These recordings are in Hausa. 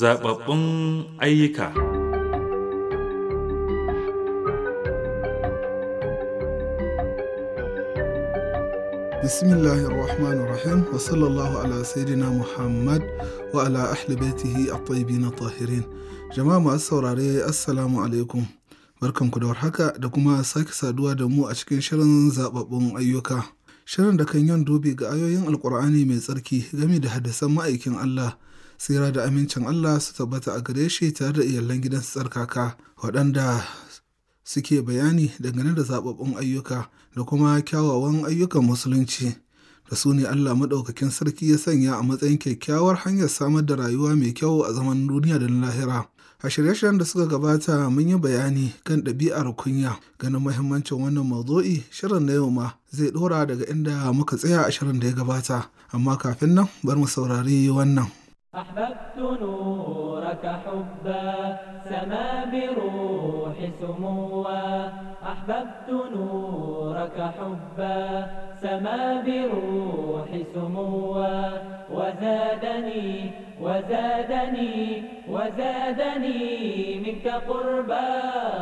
zababbun ayyuka bismillahir rahmanir rahim wa sallallahu ala sayyidina muhammad wa ala ahli baitihi at na tahirin jama'a masu saurare assalamu alaikum barkanku da warhaka da kuma sake saduwa da mu a cikin shirin zababbun ayyuka shirin da kan yin dubi ga ayoyin alkur'ani mai tsarki game da hadisan ma'aikin Allah tsira da amincin Allah su tabbata a gare shi tare da iyalan gidan tsarkaka waɗanda suke bayani dangane da zababbun ayyuka da kuma kyawawan ayyukan musulunci da su ne Allah maɗaukakin sarki ya sanya a matsayin kyakkyawar hanyar samar da rayuwa mai kyau a zaman duniya da lahira. A shirye-shiryen da suka gabata mun yi bayani kan ɗabi'ar kunya ganin mahimmancin wannan mazoi shirin na yau ma zai ɗora daga inda muka tsaya a shirin da ya gabata amma kafin nan bar mu saurari wannan. أحببت نورك حبا سما بروح سموا أحببت نورك حبا سما بروح سموا وزادني وزادني وزادني منك قربا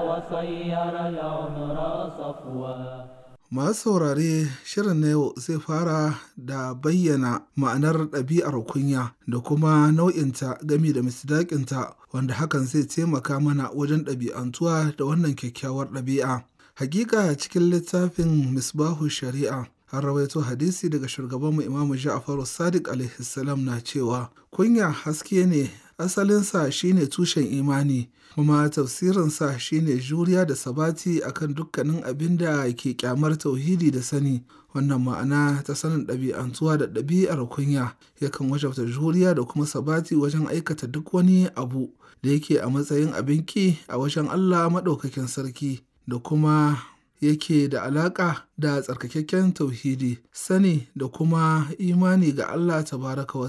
وصير العمر صفوا Masu saurare shirin na yau zai fara da bayyana ma'anar ɗabi'ar kunya da kuma nau'inta gami da misdaƙinta wanda hakan zai taimaka mana wajen ɗabi'antuwa da wannan kyakkyawar ɗabi'a. Hakika cikin littafin Misbahu Shari'a an rawaito hadisi daga shugabanmu Imamu Ja'faru Sadiq alaihissalam na cewa kunya haske ne asalinsa shine tushen imani kuma tafsirinsa shine juriya da sabati akan dukkanin abin da ke kyamar tauhidi da sani wannan ma'ana ta sanin ɗabi'antuwa da ɗabi'ar kunya yakan wajabta juriya da kuma sabati wajen aikata duk wani abu da yake a matsayin abin ki a wajen Allah maɗaukakin sarki da kuma yake da alaƙa da tsarkakakken tauhidi sani da kuma imani ga Allah tabaraka wa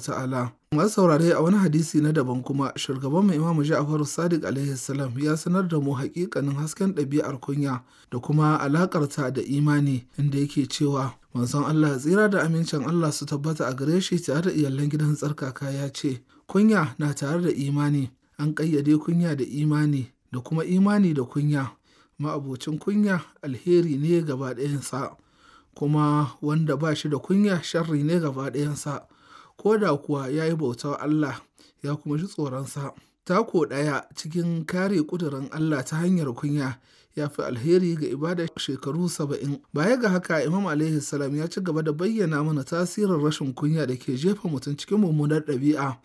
masu saurare a wani hadisi na daban kuma shugaban mai imamu ja'far sadiq alaihi ya sanar da mu hakikanin hasken ɗabi'ar kunya da kuma alakarta da imani inda yake cewa manzon Allah tsira da amincin Allah su tabbata a gare shi tare da iyalan gidan tsarkaka ya ce kunya na tare da imani an ƙayyade kunya da imani da kuma imani da kunya ma'abocin kunya alheri ne gaba ɗayansa kuma wanda ba shi da kunya sharri ne gaba ɗayansa ko da kuwa ya yi bautar Allah ya kuma ji tsoronsa. Tako ɗaya cikin kare ƙudurin Allah ta hanyar kunya ya fi alheri ga ibada shekaru saba'in. Baya ga haka Imam Alayhi salam ya ci gaba da bayyana mana tasirin rashin kunya da ke jefa mutum cikin mummunar ɗabi'a.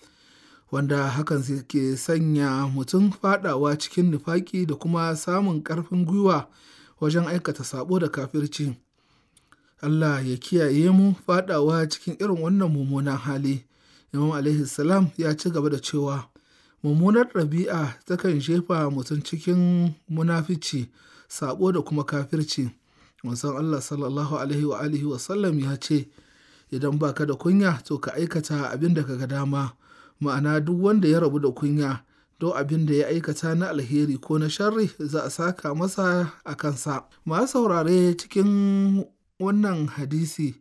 wanda hakan ke sanya mutum faɗawa cikin nufaki da kuma samun ƙarfin gwiwa wajen aikata sabo da kafirci. Allah ya kiyaye mu faɗawa cikin irin wannan mummunan hali. Imam alaihi salam ya ci gaba da cewa mummunar ɗabi'a takan jefa mutum cikin munafici, sabo da kuma kafirci. wasan Allah sallallahu alaihi wa alihi wa sallam ya ce idan baka da kunya to ka aikata abin da kaga dama ma'ana duk wanda ya rabu da kunya do abin da ya aikata na alheri ko na sharri za a saka masa a kansa. ma saurare cikin wannan hadisi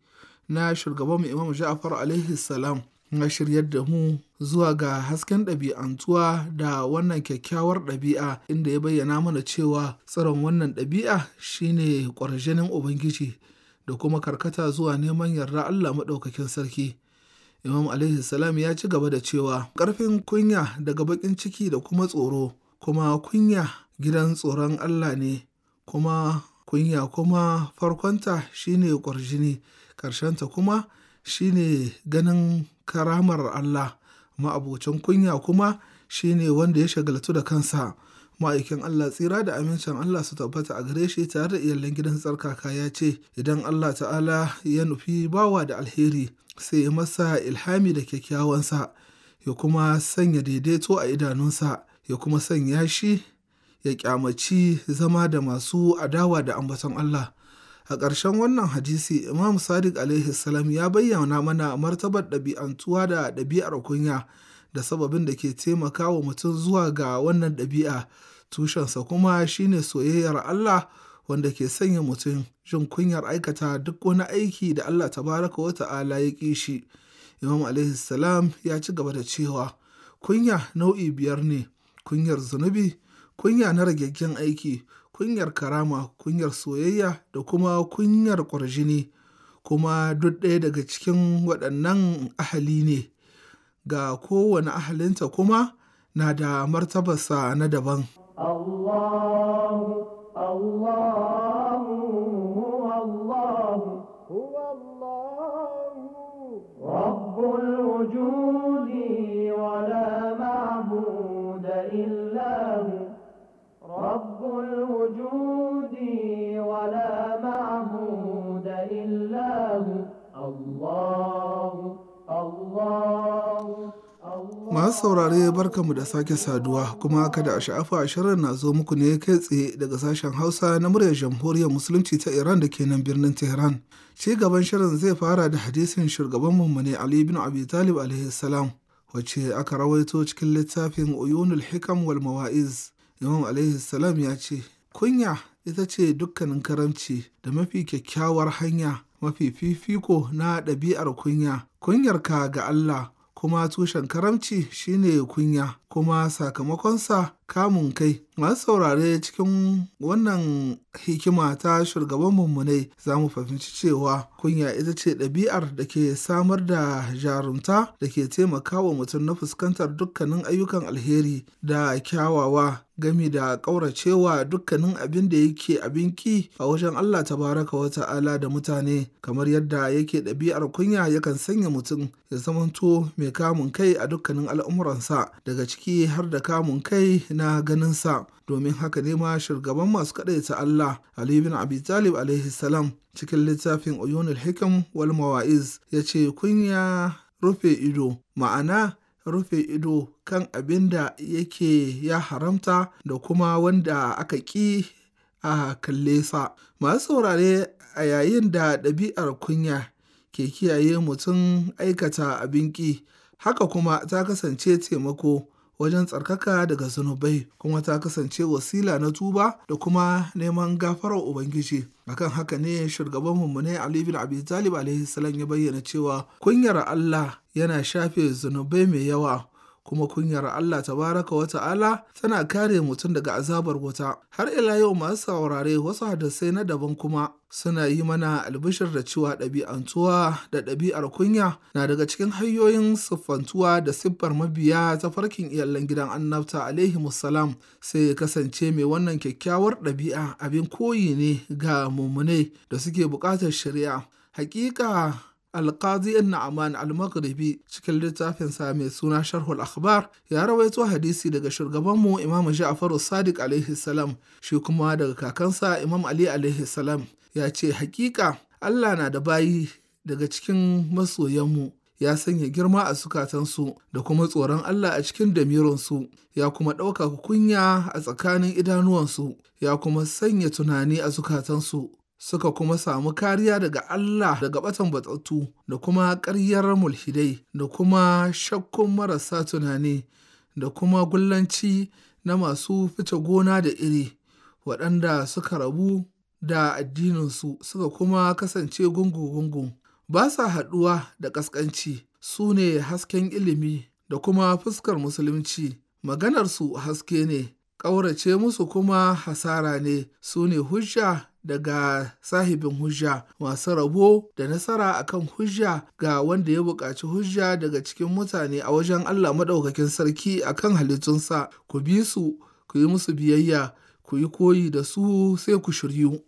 na shugabanmu Imam Ja'far alaihi salam na shiryar da mu zuwa ga hasken ɗabi'antuwa da wannan kyakkyawar ɗabi'a inda ya bayyana mana cewa tsaron wannan ɗabi'a shine ƙwarjinin ubangiji da kuma karkata zuwa neman yarda Allah maɗaukakin sarki imam alaihi salam ya ci gaba da cewa ƙarfin kunya daga baƙin ciki da kuma tsoro kuma kunya gidan tsoron Allah ne kuma kunya kuma farkonta shine ƙwarjini ƙarshenta kuma shine ganin karamar Allah ma'abocin kunya kuma shine wanda ya shagaltu da kansa ma'aikin Allah tsira da amincin Allah su tabbata a gare shi tare da iyalan gidan tsarkaka ya ce idan Allah ta'ala ya nufi bawa da alheri sai ya masa ilhami da kyakkyawansa ya kuma sanya daidaito a idanunsa ya kuma sanya shi ya kyamaci zama da masu adawa da ambaton Allah. A ƙarshen wannan hadisi, Imam Sadiq alaihi salam ya bayyana mana martabar ɗabi'antuwa da ɗabi'ar kunya da sababin da ke taimakawa mutum zuwa ga wannan ɗabi'a. Tushensa kuma shine soyayyar Allah wanda ke sanya mutum jin kunyar aikata duk wani aiki da Allah tabaraka wa ta'ala ya ƙi shi. Imam alaihi salam ya ci gaba da cewa, kunya nau'i biyar ne, kunyar zunubi, kunya na rageggen aiki, kunyar karama, kunyar soyayya da kuma kunyar ƙwarjini, kuma duk ɗaya daga cikin waɗannan ahali ne, ga kowane ahalinta kuma na da martabarsa na daban. Allah, Allah. Masu saurare barkamu da sake saduwa kuma kada a sha'afa shirin na zo muku ne kai tsaye daga sashen Hausa na muryar Jamhuriyar Musulunci ta Iran da ke nan birnin Tehran. Ci gaban shirin zai fara da hadisin shugaban mummune Ali bin Abi Talib alaihi salam wacce aka rawaito cikin littafin Uyunul Hikam wal Mawa'iz. Imam alaihi ya ce, Kunya ita ce dukkanin karamci da mafi kyakkyawar hanya mafi fifiko na ɗabi'ar kunya, kunyarka ga Allah kuma tushen karamci shine kunya kuma sakamakonsa kamun kai. Masu saurare cikin wannan hikima ta shugaban mummunai za mu fahimci cewa kunya ita ce ɗabi'ar da ke samar da jarumta da ke taimakawa mutum na fuskantar dukkanin ayyukan alheri da kyawawa gami da ƙauracewa dukkanin abin da yake abin ki a wajen Allah Ta baraka wata ta'ala da mutane kamar yadda yake ɗabi'ar kunya yakan sanya mutum ya zamanto mai kamun kai a dukkanin al'umuransa daga cikin ciki har da kamun kai na ganinsa domin haka ne ma shugaban masu kaɗaita Allah Ali bin Abi Talib alaihi salam cikin littafin Uyunul Hikam wal Mawa'iz ya ce kunya rufe ido ma'ana rufe ido kan abin da yake ya haramta da kuma wanda aka ƙi a kalle sa masu saurare a yayin da ɗabi'ar kunya ke kiyaye mutum aikata abin ƙi haka kuma ta kasance taimako wajen tsarkaka daga zunubai kuma ta kasance wasila na tuba da kuma neman gafarar ubangiji akan haka ne shugaban mummune Ali bin Abi Talib alaihi salam ya bayyana cewa kunyar Allah yana shafe zunubai mai yawa kuma kunyar Allah tabaraka wa ta'ala tana kare mutum daga azabar wuta har ila yau masu saurare wasu hadisai na daban kuma suna yi mana albishir da cewa ɗabi'antuwa da ɗabi'ar kunya na daga cikin hanyoyin siffantuwa da siffar mabiya ta farkin iyalan gidan annabta alaihi musalam sai ya kasance mai wannan kyakkyawar ɗabi'a abin koyi ne ga mummunai da suke buƙatar shari'a hakika Alƙazi in Na'aman al-Maghribi cikin littafinsa mai suna Sharhul Akhbar ya rawaito hadisi daga shugabanmu Imam Ja'faru Sadiq alaihi salam shi kuma daga kakansa Imam Ali alaihi salam ya ce "Haƙiƙa! Allah na da bayi daga cikin masoyanmu ya sanya girma a sukatansu da kuma tsoron Allah a cikin damirinsu ya kuma ɗauka kunya a tsakanin idanuwansu ya kuma sanya tunani a sukatansu suka kuma samu kariya daga Allah daga batan batattu da kuma ƙaryar mulhidai da kuma shakkun marasa tunani da kuma gullanci na masu fice gona da iri waɗanda suka rabu da addininsu suka kuma kasance gungu-gungu ba sa haɗuwa da ƙasƙanci su ne hasken ilimi da kuma fuskar musulunci maganarsu haske ne ƙaurace musu kuma hasara ne su ne hujja daga sahibin hujja masu rabo da nasara akan hujja ga wanda ya buƙaci hujja daga cikin mutane a wajen Allah maɗaukakin sarki akan halittunsa ku bi su ku yi musu biyayya ku yi koyi da su sai ku shiryu.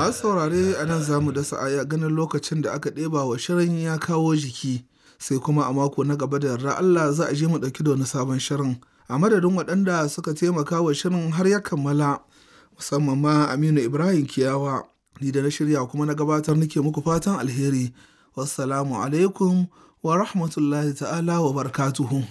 masu saurare a nan za mu dasa aya ganin lokacin da aka ɗeba wa shirin ya kawo jiki sai kuma a mako na gaba da yarda Allah za a je mu ɗauki da wani sabon shirin a madadin waɗanda suka taimaka wa shirin har ya kammala musamman ma Aminu Ibrahim Kiyawa ni da na shirya kuma na gabatar nake muku fatan alheri wassalamu alaikum wa rahmatullahi ta'ala wa barkatuhu